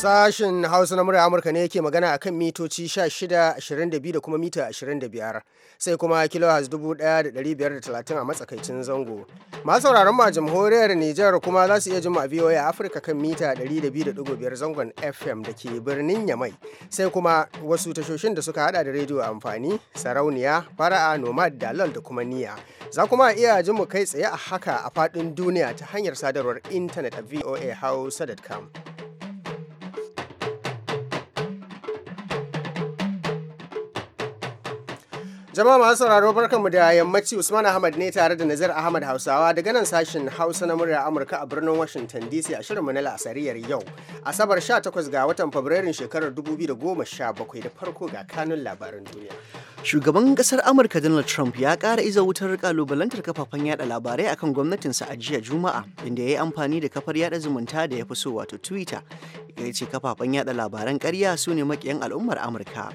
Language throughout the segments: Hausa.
Sashen Hausa na murya Amurka ne yake magana a kan mitoci 16, da kuma mita 25 sai kuma kilohaz 1530 a matsakaicin zango. Masu sauraron ma jamhuriyar Nijar kuma za su iya jin a VOA Afirka kan mita 102.5 zangon FM da ke birnin Yamai sai kuma wasu tashoshin da suka hada da rediyo amfani, sarauniya, fara'a, nomad, dalal da kuma niya. Za kuma iya jin mu kai tsaye a haka a faɗin duniya ta hanyar sadarwar intanet a voahausa.com. Jama'a masu sauraro barkanmu da yammaci Usman Ahmad ne tare da nazar Ahmad Hausawa daga nan sashen Hausa na murya Amurka a birnin Washington DC a shirin mu na la'asariyar yau. Asabar 18 ga watan Fabrairun shekarar 2017 da farko ga kanun labaran duniya. Shugaban kasar Amurka Donald Trump ya ƙara iza wutar kalubalantar kafafen yada labarai akan gwamnatinsa a jiya Juma'a inda ya yi amfani da kafar yada zumunta da ya fi so wato Twitter da ya ce kafafen yada labaran karya su ne makiyan al'ummar amurka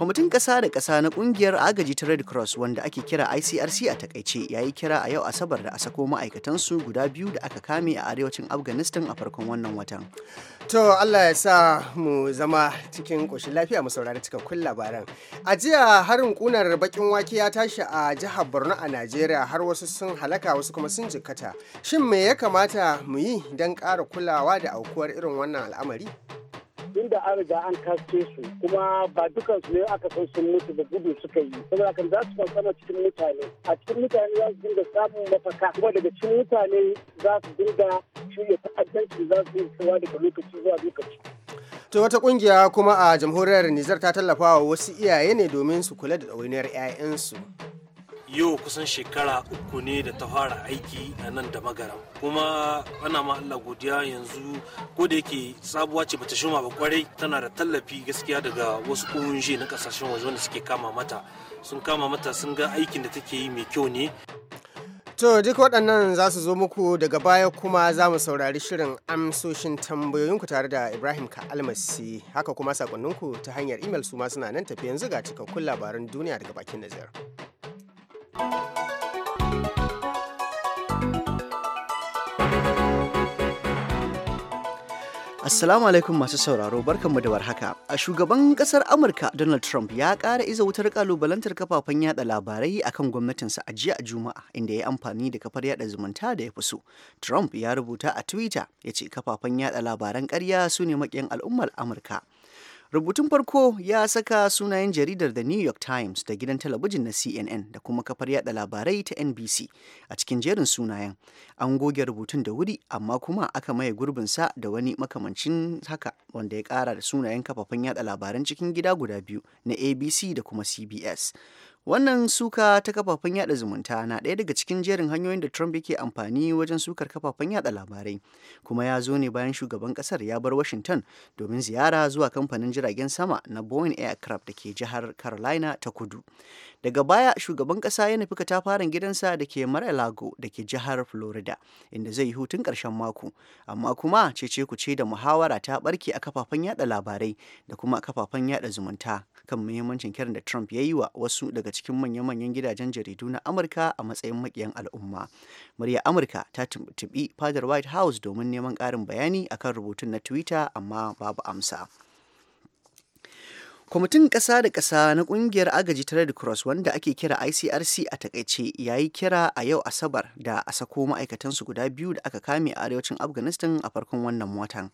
kwamitin ƙasa da ƙasa na ƙungiyar agaji ta red cross wanda ake kira icrc a takaice ya yi kira a yau asabar da a sako ma'aikatansu guda biyu da aka kame a arewacin afghanistan a farkon wannan watan To Allah ya sa mu zama cikin ƙoshin lafiya mu saurari cikakkun labaran. A jiya harin ƙunar bakin wake ya tashi a jihar Borno a Najeriya har wasu sun halaka wasu kuma sun jikkata. Shin me ya kamata mu yi don ƙara kulawa da aukuwar irin wannan al'amari? inda an riga an kaske su kuma ba dukansu ne aka san sun mutu da gudu suka yi saboda kan za su fansama cikin mutane a cikin mutane za su dinga samun mafaka kuma daga cikin mutane za su dinga shirya ta'addanci za su yi daga lokaci zuwa lokaci. To wata kungiya kuma a jamhuriyar Nijar ta tallafa wa wasu iyaye ne domin su kula da ɗawainiyar 'ya'yansu. yau kusan shekara uku ne da ta fara aiki a nan da magara kuma ana ma Allah godiya yanzu ko da yake sabuwa ce bata shuma ba kwarai tana da tallafi gaskiya daga wasu kungiyoyi na kasashen waje wanda suke kama mata sun kama mata sun ga aikin da take yi mai kyau ne To duk waɗannan za su zo muku daga baya kuma za mu saurari shirin amsoshin tambayoyinku tare da Ibrahim ka almasi haka kuma sakonninku ta hanyar imel su ma suna nan tafi yanzu ga cikakkun labaran duniya daga bakin Nazar. Assalamu alaikum masu sauraro barkanmu da warhaka. A shugaban kasar Amurka Donald Trump ya ƙara iza wutar kalubalantar kafafen yada labarai akan gwamnatinsa a jiya Juma'a inda ya yi amfani da kafar yada zumunta da ya fi so. Trump ya rubuta a Twitter ya ce kafafen yada labaran ƙarya su ne maƙiyan al'ummar Amurka. Rubutun farko ya saka sunayen jaridar The New York Times da gidan talabijin na CNN da kuma kafar yada labarai ta NBC a cikin jerin sunayen. An goge rubutun da wuri amma kuma aka maye gurbinsa da wani makamancin haka wanda ya kara da sunayen kafafen yada labaran cikin gida guda biyu na ABC da kuma CBS. Wannan suka ta kafafen yada zumunta na ɗaya daga cikin jerin hanyoyin da Trump yake amfani wajen sukar kafafen yada labarai, kuma ya zo ne bayan shugaban ƙasar ya bar Washington domin ziyara zuwa kamfanin jiragen sama na Boeing Aircraft da ke jihar Carolina ta kudu. daga baya shugaban ƙasa ya nufi fara gidansa da ke mara lago da ke jihar florida inda zai yi hutun karshen mako amma kuma cece ce da muhawara ta barke a kafafen yada labarai da kuma kafafen yada zumunta kan muhimmancin kiran da trump ya yi wa wasu daga cikin manya-manyan gidajen jaridu na amurka a matsayin makiyan al'umma murya amurka ta tuntuɓi fadar white house domin neman ƙarin bayani akan rubutun na twitter amma babu amsa. kwamitin ƙasa da ƙasa na ƙungiyar agaji ta red cross wanda ake kira icrc a takaice ya yi kira a yau asabar da a sako ma'aikatansu guda biyu da aka kame a arewacin afghanistan a farkon wannan watan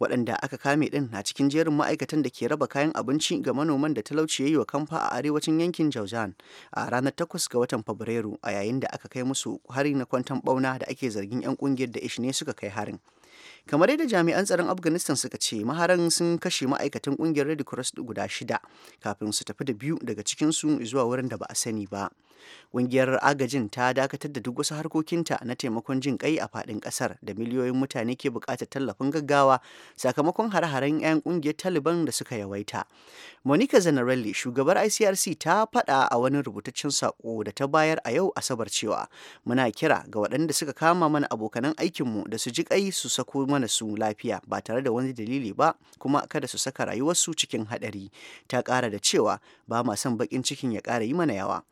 waɗanda aka kame ɗin na cikin jerin ma'aikatan da ke raba kayan abinci ga manoman da talauci ya yi wa kamfa a arewacin yankin jaujan a ranar takwas ga watan fabrairu a yayin da aka kai musu hari na kwantan ɓauna da ake zargin 'yan ƙungiyar da ish ne suka kai harin kamar yadda jami'an tsaron afghanistan suka ce maharan sun kashe ma'aikatan kungiyar red cross guda shida kafin su tafi da biyu daga cikin cikinsu zuwa wurin da ba a sani ba Ƙungiyar agajin ta dakatar da duk wasu harkokinta na taimakon jin kai a faɗin ƙasar da miliyoyin mutane ke buƙatar tallafin gaggawa sakamakon hare-haren 'yan ƙungiyar Taliban da suka yawaita. Monica Zanarelli, shugabar ICRC ta faɗa a wani rubutaccen saƙo da ta bayar a yau Asabar cewa muna kira ga waɗanda suka kama mana abokanan aikinmu da su ji kai su sako mana su lafiya ba tare da wani dalili ba kuma kada su saka rayuwarsu cikin haɗari. Ta ƙara da cewa ba ma son baƙin cikin ya ƙara yi mana yawa.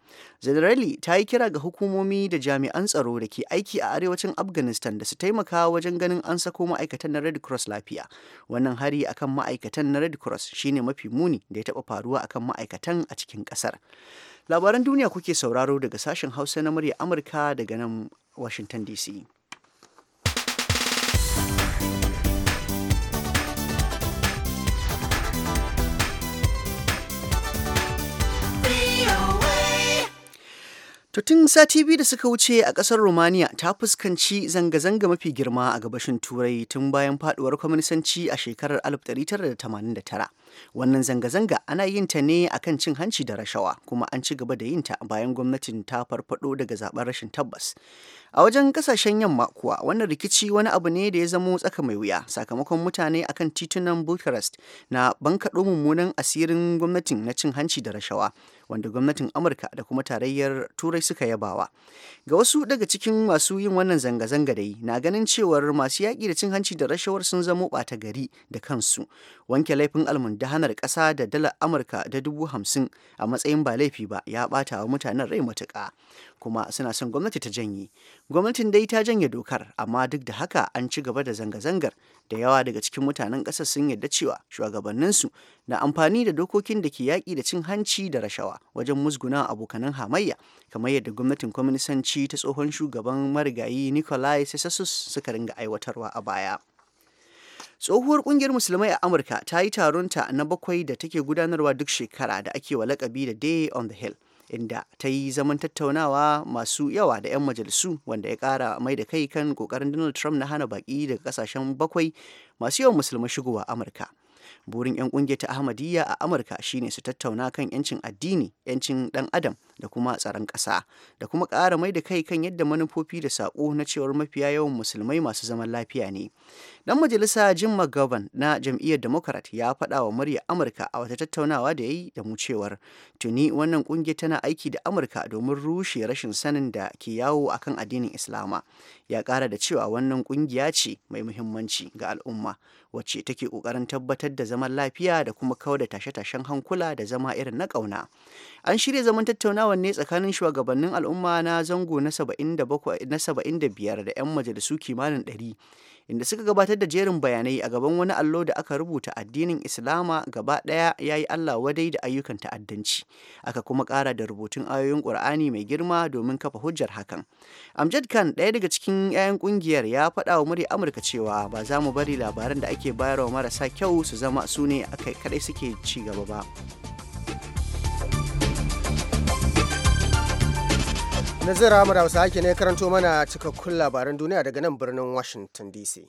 Isra'ili ta yi kira ga hukumomi da jami'an tsaro da ke aiki a arewacin Afghanistan da su taimaka wajen ganin an sako ma'aikatan na Red Cross lafiya. Wannan hari akan ma'aikatan na Red Cross shine mafi muni da ya taɓa faruwa akan ma'aikatan a cikin ƙasar. Labaran duniya kuke sauraro daga sashen Hausa na murya Amurka daga nan Washington DC. To tun sati biyu da suka wuce a ƙasar Romania ta fuskanci zanga-zanga mafi girma a gabashin Turai tun bayan faduwar kwaminisanci a shekarar 1989. Wannan zanga-zanga ana yin ta ne akan cin hanci da rashawa kuma an ci gaba da yin ta bayan gwamnatin ta farfado daga zaben rashin tabbas. A wajen kasashen yamma kuwa wannan rikici wani abu ne da ya zamo tsaka mai wuya sakamakon mutane akan titunan Bucharest na bankaɗo mummunan asirin gwamnatin na cin hanci da rashawa wanda gwamnatin Amurka da kuma tarayyar Turai suka yabawa. Ga wasu daga cikin masu yin wannan zanga-zanga dai na ganin cewar masu yaƙi da cin hanci da rashawar sun zamo ɓata gari da kansu wanke laifin almundu hanar ƙasa da dalar amurka da dubu hamsin a matsayin ba laifi ba ya ɓata wa mutanen rai matuƙa kuma suna son gwamnati ta janye gwamnatin dai ta janye dokar amma duk da haka an ci gaba da zanga-zangar da yawa daga cikin mutanen ƙasar sun yarda cewa shugabanninsu na amfani da dokokin da ke yaƙi da cin hanci da rashawa wajen musguna abokanan hamayya kamar yadda gwamnatin kwaminisanci ta tsohon shugaban marigayi nicolai sesasus suka ringa aiwatarwa a baya. Tsohuwar kungiyar Musulmai a Amurka ta yi taronta na bakwai da take gudanarwa duk shekara da ake wa lakabi da Day on the Hill. inda ta yi zaman tattaunawa masu yawa da 'yan majalisu wanda ya kara mai da kai kan kokarin donald trump na hana baki daga kasashen bakwai masu yawan musulmai shigowa amurka burin 'yan kungiyar ta ahmadiyya a amurka shine su tattauna kan 'yancin addini 'yancin dan adam da kuma tsaron ƙasa da kuma ƙara mai da kai kan yadda manufofi da sako na cewar mafiya yawan musulmai masu zaman lafiya ne Dan majalisa Jim McGovern na jam'iyyar Democrat ya faɗa wa murya Amurka a wata tattaunawa da ya yi da mu cewar tuni wannan ƙungiyar tana aiki da Amurka domin rushe rashin sanin da ke yawo akan addinin Islama. Ya ƙara da cewa wannan ƙungiya ce mai muhimmanci ga al'umma wacce take ƙoƙarin tabbatar da zaman lafiya da kuma kawar da tashe-tashen hankula da zama irin na ƙauna. An shirya zaman tattaunawar ne tsakanin shugabannin al'umma na zango na 75 da 'yan majalisu kimanin 100 inda suka gabatar da jerin bayanai a gaban wani allo da aka rubuta addinin islama gaba ɗaya ya yi allah wadai da ayyukan ta'addanci aka kuma kara da rubutun ayoyin ƙur'ani mai girma domin kafa hujjar hakan amjad kan ɗaya daga cikin 'ya'yan ƙungiyar ya faɗa wa murya amurka cewa ba za mu bari labaran da ake bayarwa marasa kyau su zama su ne kaɗai suke ci gaba ba Nazir Ahmad Hausa ake ne karanto mana cikakkun labaran duniya daga nan birnin Washington DC.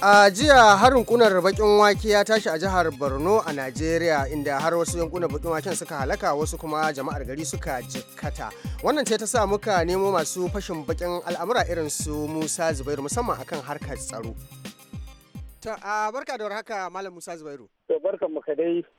a jiya harin kunar bakin wake ya tashi a jihar borno a najeriya inda har wasu yankunan bakin waken suka halaka wasu kuma jama'ar gari suka jikkata wannan ce ta sa muka nemo masu fashin bakin al'amura irin su musa zubairu musamman akan harkar tsaro Ta, a barka da haka Malam Musa Zubairu. barkan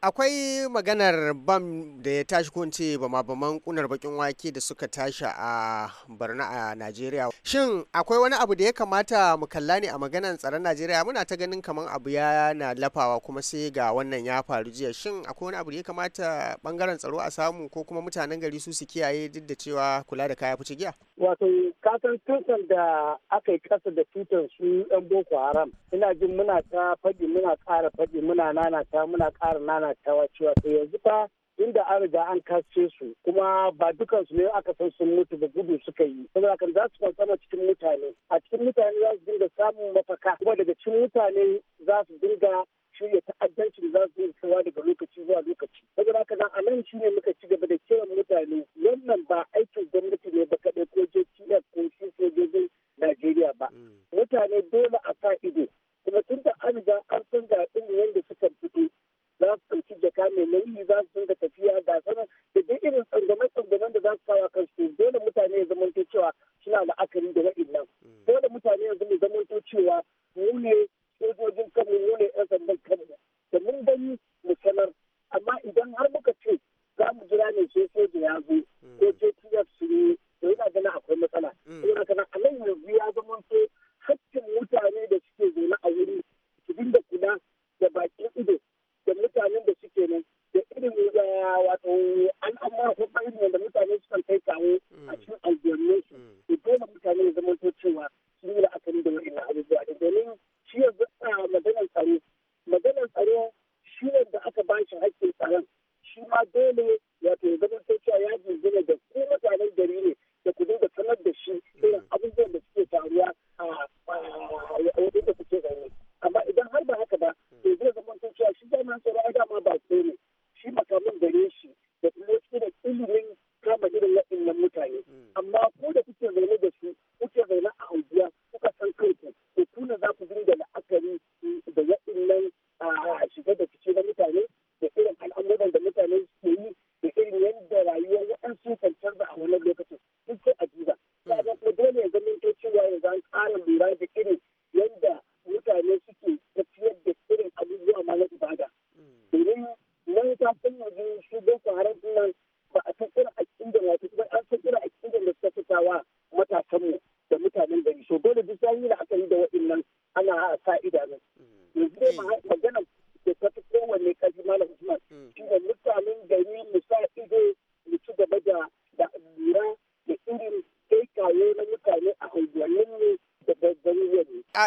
Akwai maganar bam da ya tashi ko ce bama baman kunar bakin wake da suka tashi a Barna a Najeriya. Shin akwai wani abu da ya kamata mu kalla ne a maganar tsaron Najeriya muna ta ganin kamar abu ya na lafawa kuma sai ga wannan ya faru jiya. Shin akwai wani abu da ya kamata bangaren tsaro a samu ko kuma mutanen gari su su kiyaye duk da cewa kula da kaya fice giya? Wato kasan tutan da aka yi kasa da tutan su 'yan Boko Haram. Ina jin muna ta faɗi muna ƙara faɗi muna nana ta muna ƙara nanatawa cewa to yanzu fa inda an riga an kasce su kuma ba dukansu ne aka san sun mutu da gudu suka yi saboda kan za su kwantsama cikin mutane a cikin mutane za su dinga samun mafaka kuma daga cikin mutane za su dinga shirya ta'addanci da za su dinga kaiwa daga lokaci zuwa lokaci saboda haka nan a nan shine muka ci gaba da kiran mutane wannan ba aikin gwamnati ne ba kaɗai ko JTF ko sojojin Najeriya ba mm. mutane dole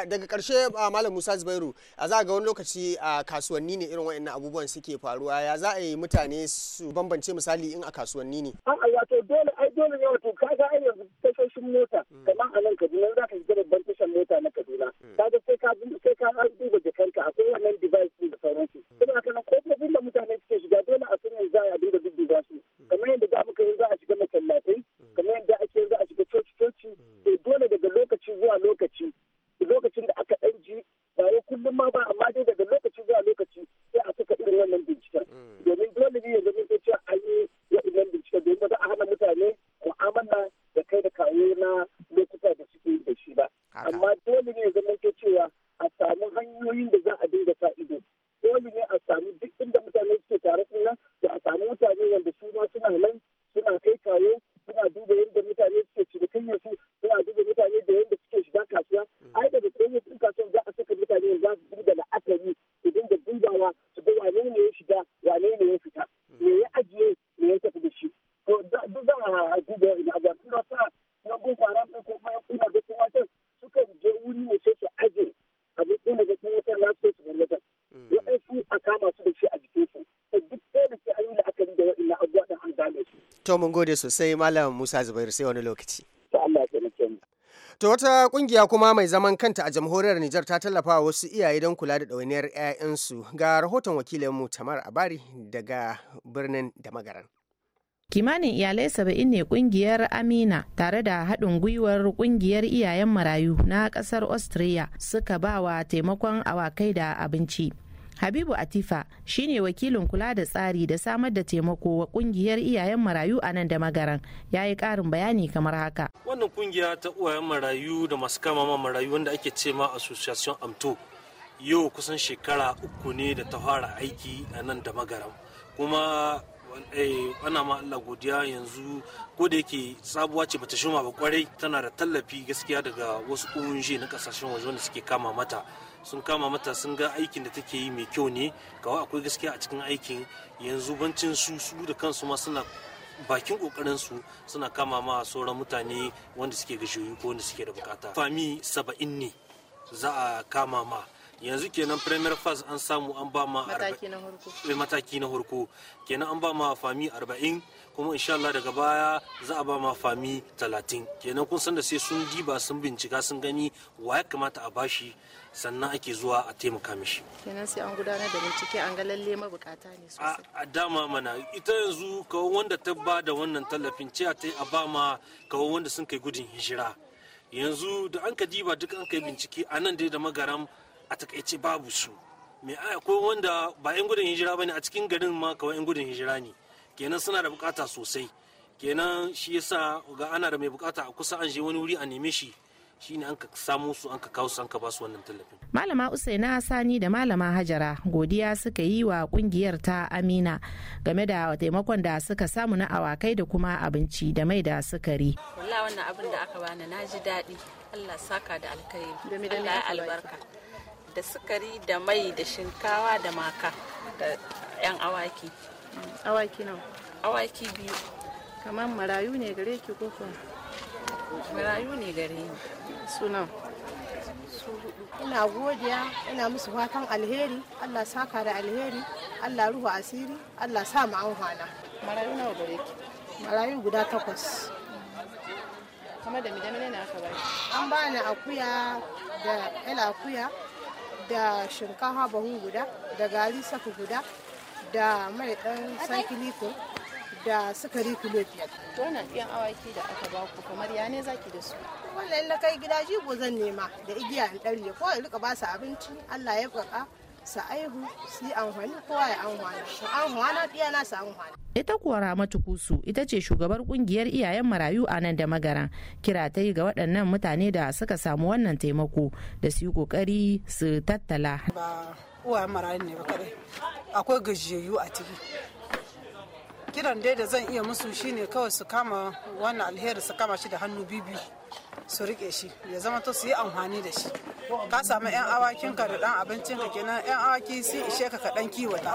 daga karshe malam musa zubairu a za ga wani lokaci a kasuwanni ne irin wa'annan abubuwan suke faruwa ya za a yi mutane su bambance misali in a kasuwanni ne. a'a wato dole ai dole ne wato ka ga yanzu tashoshin mota hmm. kamar a nan kaduna za To mun gode sosai Malam Musa Zubair sai wani lokaci. To wata kungiya kuma mai zaman kanta a jamhuriyar Nijar ta tallafa wasu iyaye don kula da dauniyar 'ya'yansu ga rahoton mu Tamar Abari daga birnin da magaran. kimanin iyalai saba'in ne kungiyar amina tare da haɗin gwiwar kungiyar iyayen marayu na ƙasar austria suka ba wa taimakon awakai da abinci Habibu Atifa shine wakilin kula da tsari da samar da taimako wa kungiyar iyayen marayu a nan da magaran ya yi karin bayani kamar haka. Wannan kungiya ta uwayen marayu da masu kama ma marayu wanda ake ce ma Association Amto yau kusan shekara uku ne da ta fara aiki a nan da magaran kuma eh, ana ma Allah godiya yanzu ko da yake sabuwa ce bata shuma ba kwarai tana da tallafi gaskiya daga wasu kungiyoyi na kasashen waje wanda suke kama mata sun kama mata sun ga aikin da take yi mai kyau ne kawai akwai gaskiya a cikin aikin yanzu bancin su su da kansu ma suna bakin kokarin su suna kama ma sauran mutane wanda suke gashoyi ko wanda suke da bukata fami saba'in ne za a kama ma yanzu kenan premier phase an samu an ba ma eh, mataki na harko kenan an ba ma fami 40 kuma insha Allah daga baya za a ba ma fami 30 kenan kun san da sai sun diba sun bincika sun gani wa ya kamata a bashi sannan ake zuwa a taimaka mishi kenan sai an gudanar da bincike an ga lalle mabukata ne sosai a dama mana ita yanzu kawo wanda ta ba da wannan tallafin ce a a ba ma kawo wanda sun kai gudun hijira yanzu da an ka diba duk an kai bincike a nan dai da magaram a takaice babu su mai aya ko wanda ba 'yan gudun hijira ba ne a cikin garin ma kawai 'yan gudun hijira ne kenan suna da bukata sosai kenan shi yasa ga ana da mai bukata a kusa an je wani wuri a neme shi shine an ka samu su an ka kawo su an ka ba su wannan tallafin. Malama Usaina Sani da Malama Hajara godiya suka yi wa kungiyar ta Amina game da taimakon da suka samu na awakai da kuma abinci da mai da sukari. Wallah wannan abin da aka bani na ji daɗi. Allah saka da alkhairi. Allah ya albarka. da sukari da mai da shinkawa da maka da 'yan awaki awaki nawa awaki biyu kamar marayu ne gare ki ko kuma marayu ne gare ni su su ina godiya ina musu fatan alheri allah saka da alheri allah ruhu asiri allah sa mu an marayu nawa gare ki marayu guda takwas kamar da midamine na aka bai an bani akuya da ila akuya da shinkafa bahu guda da gari saku guda da mai dan ko da sukari kilo biyar. To nan ɗiyan awaki da aka ba ku kamar ya ne zaki da su? Wannan na kai gida jigo zan nema da igiya in ɗarye ko in rika ba su abinci Allah ya faƙa su aihu su yi kowa ya su su ita kuwa ramatu kusu ita ce shugabar kungiyar iyayen marayu a nan da magara kira ta yi ga waɗannan mutane da suka samu wannan taimako da su yi kokari su tattala ba uwayen marayu ne ba kadai akwai gajiyayyu a ciki kiran dai da zan iya musu shine kawai su kama wannan alheri su kama shi da hannu bibi su rike shi ya zama to su yi amfani da shi ka samu yan awakin ka da dan abincin ka kenan yan awaki su ishe ka kaɗan kiwata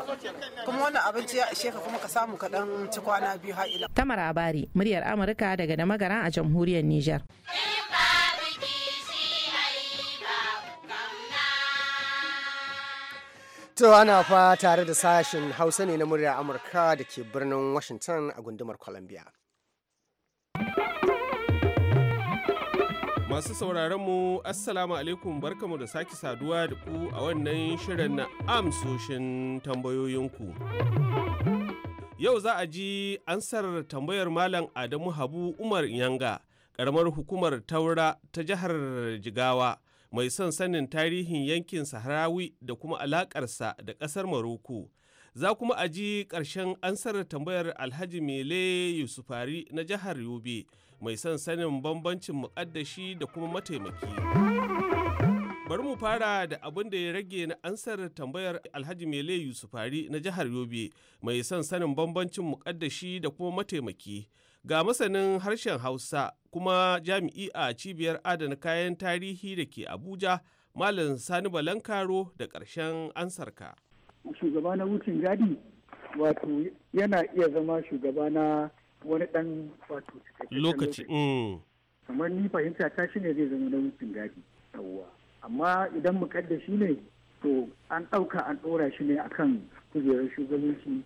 kuma wannan abinci ya ishe ka kuma ka samu kaɗan ci kwana biyu har ila abari muryar amurka daga da magaran a jamhuriyar niger To ana fa tare da sashen Hausa ne na muryar Amurka da ke birnin Washington a gundumar Columbia. Masu sauraron mu Assalamu alaikum barkamu da sake saduwa da ku a wannan shirin na amsoshin tambayoyinku. Yau za a ji ansar tambayar Malam Adamu Habu Umar Yanga, ƙaramar hukumar Taura ta jihar Jigawa, mai son sanin tarihin yankin Sahrawi da kuma alaƙarsa da ƙasar Maroko. Za kuma a ji ƙarshen ansar tambayar Alhaji Mele Yusufari na jihar Yobe. mai son sanin bambancin muƙaddashi da kuma mataimaki. Bari mu fara da abin da ya rage na ansar tambayar Alhaji Mele Yusufari na jihar Yobe mai son sanin bambancin muƙaddashi da kuma mataimaki. Ga masanin harshen Hausa kuma jami'i a cibiyar adana kayan tarihi da ke Abuja, Malam Sani Balankaro da ƙarshen ansarka. Shugaba na wucin gadi wato yana iya zama shugaba na wani dan wato lokaci mm. kamar ni fahimta ta shi ne zai zama na wucin gadi yawwa amma idan mu kadda shi ne to an ɗauka an ɗora shi ne akan kujerar shugabanci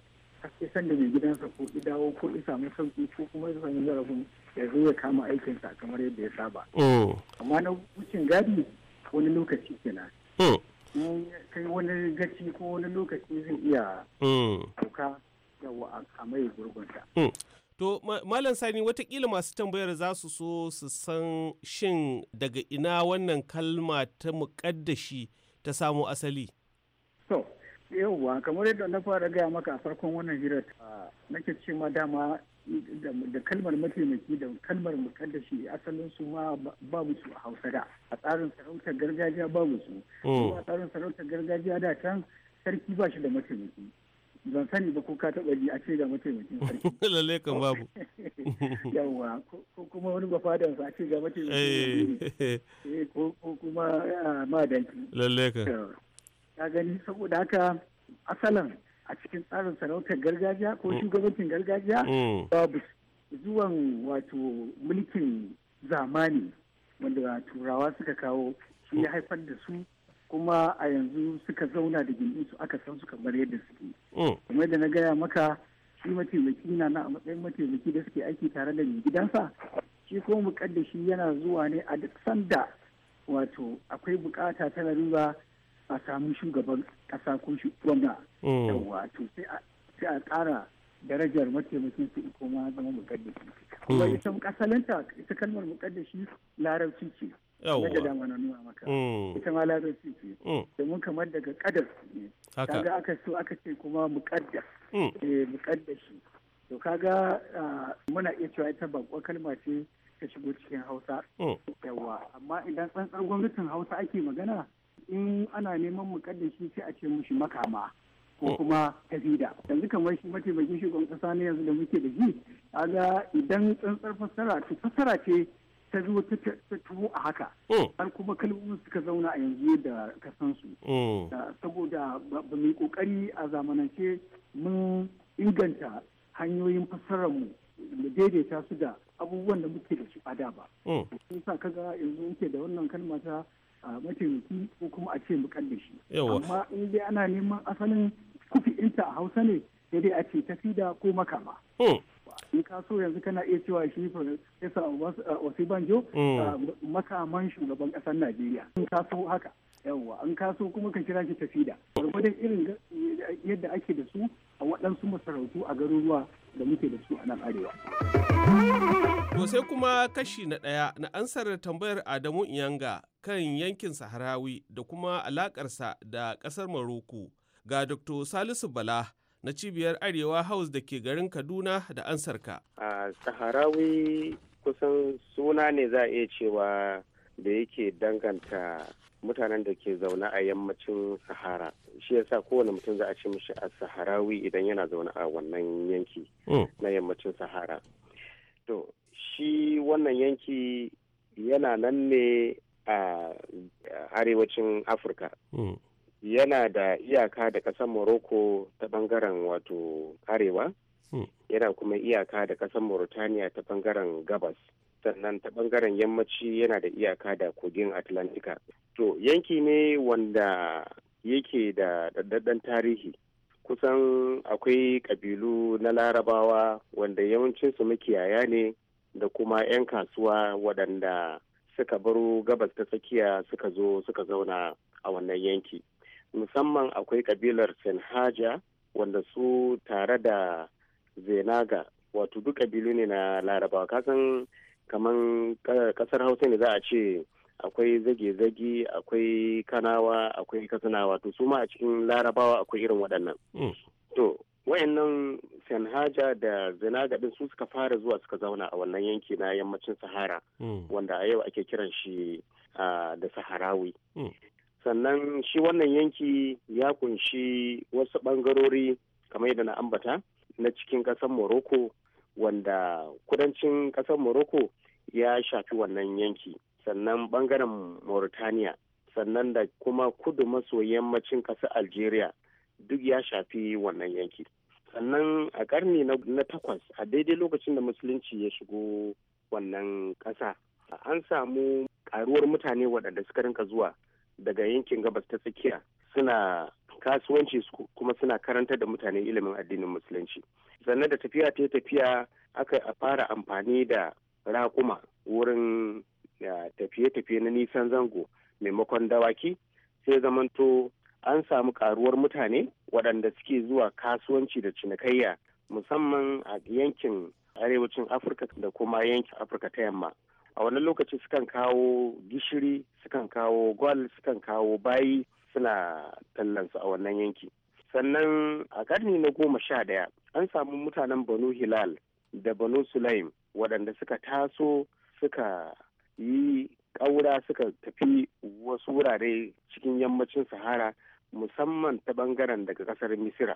sai da mai gidansa ko dawo ko ki samu sauki ko kuma ya samu zarafin ya zo ya kama aikinsa kamar yadda ya saba mm. amma na wucin gadi wani lokaci kenan mm. kai wani gaci ko wani lokaci zai iya ɗauka yawa a mai gurgunta To, Malam Sani, watakila masu tambayar za su so su san shin daga ina wannan kalma ta muƙaddashi ta samo asali. To, yauwa, kamar yadda na fara gaya maka a farkon wannan hirar, ke ce ma dama da kalmar mataimaki da kalmar muƙaddashi asalin su ma babu su a Hausa da. A tsarin sarautar gargajiya babu mm. su. A tsarin sarautar gargajiya da can sarki ba shi da mataimaki. ban sani ba ko ka taɓa ji a ce ga mataimakin sarki lalle kan babu yawa ko kuma wani ba fadan sa a ce ga mataimakin sarki eh. Eh, ko kuma ah, danki lalle kan ka gani saboda haka asalan a cikin tsarin sarautar gargajiya ko mm. shugabancin gargajiya mm. babu zuwan wato mulkin zamani wanda turawa suka kawo shi ya mm. haifar da su kuma a yanzu suka zauna da su aka san su kamar yadda suke mm. kuma da na gaya maka shi mataimaki na na a matsayin mataimaki da suke aiki tare da mai gidansa shi ko mukaddashi yana zuwa ne a duk sanda wato akwai bukata ta larura a samu shugaban kasa ko gwamna mm. wato sai a kara darajar mataimakin su koma zama mukaddashi mm. kuma ita kasalanta ita kalmar mukaddashi larabci ce yawwa da dama na nuna maka mm. ita ma lazar ce mm. domin kamar daga kadar ne kaga aka so aka ce kuma muqaddas mm. eh muqaddashi to kaga ah, muna iya cewa ita bakwa kalma ce ta shigo cikin Hausa yawwa amma idan tsantsar gwamnatin Hausa ake magana in ana neman muqaddashi sai a ce mushi makama ko kuma tafida yanzu kamar shi mataimakin shugaban kasa ne yanzu da muke da shi kaga idan tsantsar fassara ta fassara ce ta zo ta tuwo a haka mm. har kuma kalmomin suka zauna a yanzu da ka san su mm. saboda ba mu kokari a zamanance mun inganta hanyoyin fassarar mu mu daidaita su da abubuwan da muke da su a da ba mm. sun sa kaga yanzu muke da wannan kalma ta mataimaki ko kuma a ce shi. amma in dai ana neman asalin kufi inta a hausa ne sai dai a ce tafi da ko makama in ka so yanzu kana iya cewa shi Profesa eh, Osibanjo mm. ah, makaman shugaban kasar Najeriya in ka so haka yawwa an kaso kuma ka kira shi tafida gwargwadon irin yadda ake da su a waɗansu masarautu a garuruwa da muke da su a nan arewa. To sai kuma kashi na ɗaya na ansar tambayar Adamu Iyanga kan yankin Saharawi da kuma alakarsa da ƙasar Maroko ga Dr. Salisu Bala na cibiyar Arewa House da ke garin Kaduna da ansarka. A Saharawi kusan suna ne za a iya cewa da yake danganta mutanen da ke zaune a yammacin Sahara. Shi yasa kowane mutum za a ce mishi a Saharawi idan yana zaune a wannan yanki oh. na yammacin Sahara. To, shi wannan yanki yana nan ne a arewacin Afirka. Hmm. yana da iyaka da ƙasar morocco ta bangaren wato arewa hmm. yana kuma iyaka da ƙasar mauritania ta bangaren gabas sannan ta bangaren yammaci yana da iyaka da kogin atlantika to yanki ne wanda yake da daɗaɗɗen tarihi kusan akwai ƙabilu na larabawa wanda yawancinsu makiyaya ne da kuma 'yan kasuwa waɗanda suka baro gabas ta tsakiya suka zo suka zauna a wannan yanki musamman akwai kabilar senhaja wanda su tare da zenaga wato duk kabilu ne na larabawa kasan kaman kasar hausa ne za a ce akwai zage-zage akwai kanawa akwai kasana wato su ma a cikin larabawa akwai irin waɗannan mm. to wayannan senhaja da zinaga din su suka fara zuwa suka zauna a wannan yanki na yammacin sahara mm. wanda a yau ake kiran shi ah, da saharawi mm. sannan shi wannan yanki ya kunshi wasu ɓangarori kamar yadda na ambata na cikin ƙasar morocco wanda kudancin ƙasar morocco ya shafi wannan yanki sannan bangaren mauritania sannan da kuma kudu maso yammacin ƙasar algeria duk ya shafi wannan yanki sannan a ƙarni na takwas a daidai lokacin da musulunci ya shigo wannan ƙasa an samu ƙaruwar mutane waɗanda suka rinka zuwa daga yankin gabas ta tsakiya suna kasuwanci kuma suna karanta da mutane ilimin addinin musulunci sannan da tafiya ta tafiya aka fara amfani da raƙuma wurin tafiye-tafiye na nisan zango maimakon dawaki sai zamanto an samu karuwar mutane waɗanda suke zuwa kasuwanci da cinikayya musamman a yankin arewacin afirka da kuma yankin afirka ta yamma a wani lokaci sukan kawo gishiri sukan kawo gwal sukan kawo bayi suna tallansu a wannan yanki sannan a karni na goma sha daya an samu mutanen banu hilal da banu sulaim waɗanda suka taso suka yi ƙaura suka tafi wasu wurare cikin yammacin sahara musamman ta ɓangaren daga ƙasar misira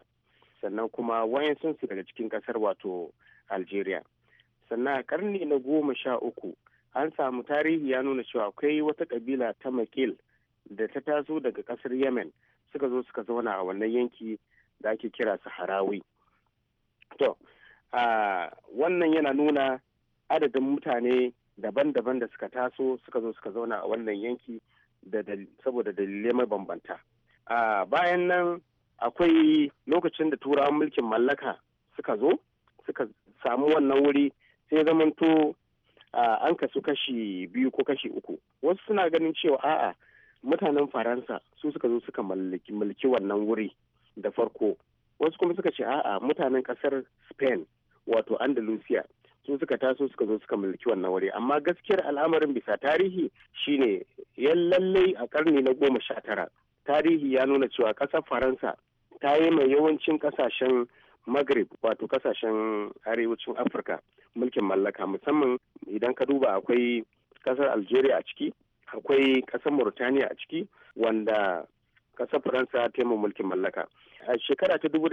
sannan kuma wayansunsu daga cikin ƙasar wato algeria sannan a karni na goma sha uku an samu tarihi ya nuna cewa akwai wata kabila ta makil da ta taso daga kasar yemen suka zo suka zauna a wannan yanki da ake kira saharawi to wannan yana nuna adadin mutane daban-daban da suka taso suka zo suka zauna a wannan yanki saboda dalilai mabambanta bayan nan akwai lokacin da turawan mulkin mallaka suka zo suka samu wannan wuri sai zamanto an kasu kashi biyu ko kashi uku wasu suna ganin cewa a'a mutanen faransa su suka zo suka mulki wannan wuri da farko wasu kuma suka ce a'a mutanen kasar spain wato andalusia su suka taso suka zo suka mulki wannan wuri amma gaskiyar al'amarin bisa tarihi shine yan lallai a karni na goma sha tara tarihi ya nuna cewa ƙasar faransa ta yi mai yawancin ƙasashen maghrib wato kasashen arewacin afirka mulkin mallaka musamman idan ka duba akwai kasar algeria a ciki akwai kasar mauritania a ciki wanda kasar faransa ta yi mulkin mallaka a shekara ta dubu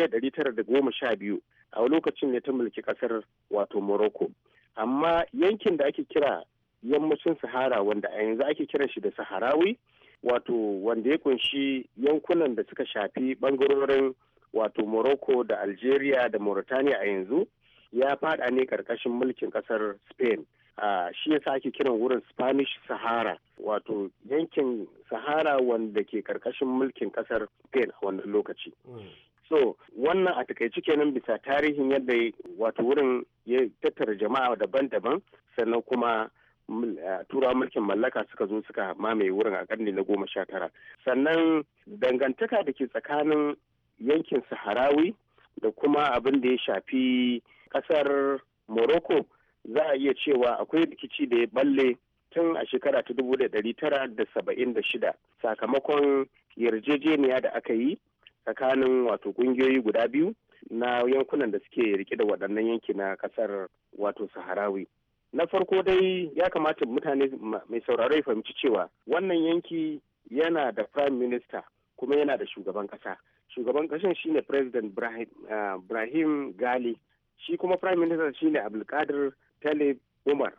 goma sha biyu a lokacin ne ta mulki kasar wato morocco amma yankin da ake kira yammacin sahara wanda a yanzu ake kiran shi da saharawi wato wanda ya kunshi yankunan da suka shafi bangarorin wato morocco da algeria da mauritania a yanzu ya fada ne karkashin mulkin kasar spain a shi ya ake kiran wurin spanish sahara wato yankin sahara wanda ke karkashin mulkin kasar spain a wannan lokaci hmm. so wannan a takaici kenan bisa tarihin yadda wato wurin ya tattara jama'a daban-daban sannan kuma tura mulkin mallaka suka zo suka mamaye wurin a karni na goma sha tara sannan dangantaka da ke tsakanin yankin saharawi da kuma abin da ya shafi ƙasar morocco za a iya cewa akwai rikici da ya balle tun a shekara ta da da tara saba'in shida. sakamakon yarjejeniya da aka yi tsakanin wato kungiyoyi guda biyu na yankunan da suke rike da waɗannan yanki na ƙasar wato saharawi na farko dai ya kamata mutane mai sauraro ya fahimci cewa wannan yanki yana da prime minister kuma yana da shugaban ƙasa shugaban kashin shine president Ibrahim uh, Gali shi kuma prime minister shine Abdulkadir Talib Umar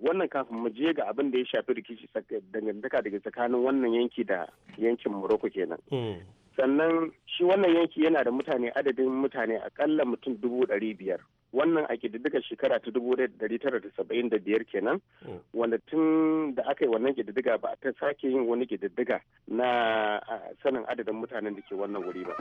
wannan kafin mu je ga abin da ya shafi rikici dangantaka daga tsakanin wannan yanki da yankin Morocco kenan hmm. sannan shi wannan yanki yana da mutane adadin mutane akalla mutum dubu ɗari biyar wannan a ƙididdigar shekara ta dubu tara da saba'in da biyar kenan hmm. wanda tun da aka yi wannan ƙididdiga ba ta sake yin wani ƙididdiga na sanin adadin mutanen da ke wannan wuri ba.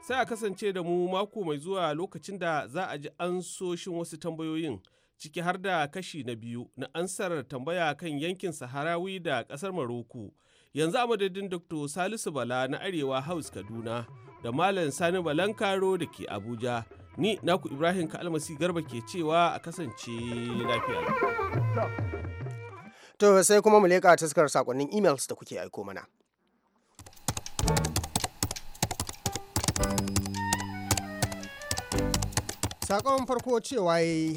sai a kasance da mu mako mai zuwa lokacin da za a ji ansoshin wasu tambayoyin ciki har da kashi na biyu na ansar tambaya kan yankin saharawi da ƙasar maroko yanzu a madadin dr salisu bala na arewa house kaduna da malam sani balankaro da ke abuja Ni naku Ibrahim ka almasi Garba ke cewa a kasance lafiya. To sai kuma mu leƙa taskar sakonnin emails da kuke aiko mana. Sakon farko cewa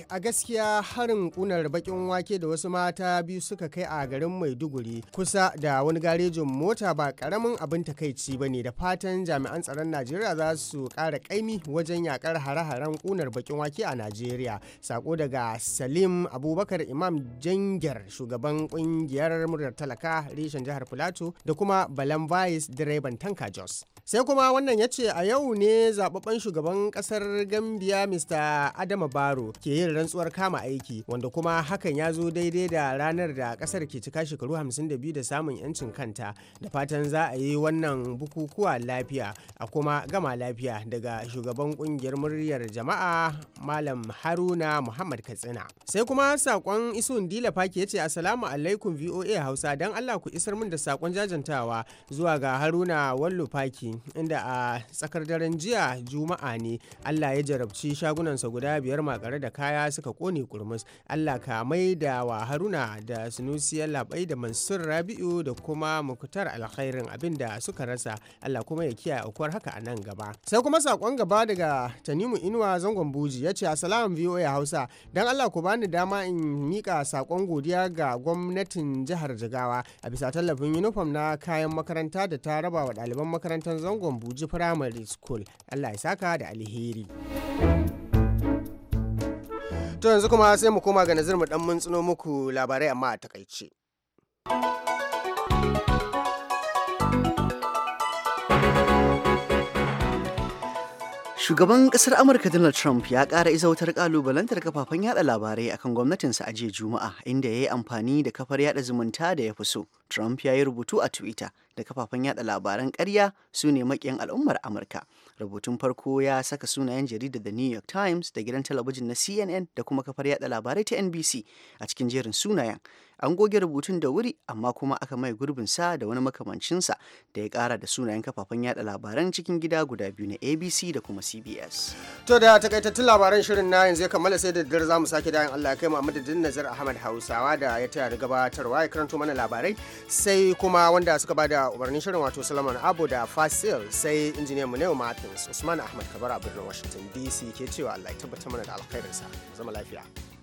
a gaskiya harin kunar bakin wake da wasu mata biyu suka kai a garin Maiduguri kusa da wani garejin mota ba karamin abin takaici ba ne da fatan jami'an tsaron Najeriya za su ƙara kaimi wajen yakar hare-haren kunar bakin wake a Najeriya. Sako daga Salim Abubakar Imam Jangir shugaban kungiyar muryar talaka reshen jihar Filato da kuma Balan Vice direban Tanka Jos. sai kuma wannan ya ce a yau ne zababben shugaban kasar gambia mr adama baro ke yin rantsuwar kama aiki wanda kuma hakan ya zo daidai da ranar da kasar ke cika shekaru 52 da samun yancin kanta da fatan za a yi wannan bukukuwa lafiya a kuma gama lafiya daga shugaban kungiyar muryar jama'a malam haruna muhammad katsina sai kuma sakon isun dila faki ya ce assalamu alaikum voa hausa don allah ku isar min da sakon jajantawa zuwa ga haruna wallo faki inda a tsakar daren jiya juma'a ne allah ya jarabci shagunansa guda biyar makare da kaya suka kone kurmus allah ka mai da wa haruna da allah bai da mansur rabi'u da kuma mukutar alkhairin abin da suka rasa allah kuma ya kiyaye aukuwar haka a nan gaba sai kuma sakon gaba daga tanimu inuwa zangon buji ya ce asalamu voa hausa dan allah ku bani dama in mika sakon godiya ga gwamnatin jihar jigawa a bisa tallafin yunifom na kayan makaranta da ta raba wa ɗaliban makarantar zangon buji primary school allah ya saka da alheri to yanzu kuma sai mu koma ga nazir mu dan mun tsino muku labarai amma a takaice Shugaban kasar Amurka Donald Trump ya ƙara izautar ƙalubalantar kafafen yada labarai akan gwamnatinsa a jiya Juma'a inda ya yi amfani da kafar yada zumunta da ya fi so. Trump ya yi rubutu a Twitter da kafafen yada labaran ƙarya su ne maƙiyan al'ummar Amurka. Rubutun farko ya saka sunayen jarida da New York Times da gidan talabijin na CNN da kuma kafar yada labarai ta NBC a cikin jerin sunayen. An goge rubutun da wuri amma kuma aka mai sa da wani makamancinsa da ya kara da sunayen kafafen yaɗa labaran cikin gida guda biyu na ABC da kuma CBS. To da takaitattun labaran shirin na yanzu ya kammala sai da daddare za mu sake dayan Allah ya kai muhammadu madadin Nazar Ahmad Hausawa da ya taya da gabatarwa ya karanto mana labarai sai kuma wanda suka bada umarnin shirin wato Solomon Abu da Fasil sai injiniyan mu ne Happiness Usman Ahmad Kabar a birnin Washington DC ke cewa Allah ya tabbatar mana da alkhairinsa. Zama lafiya.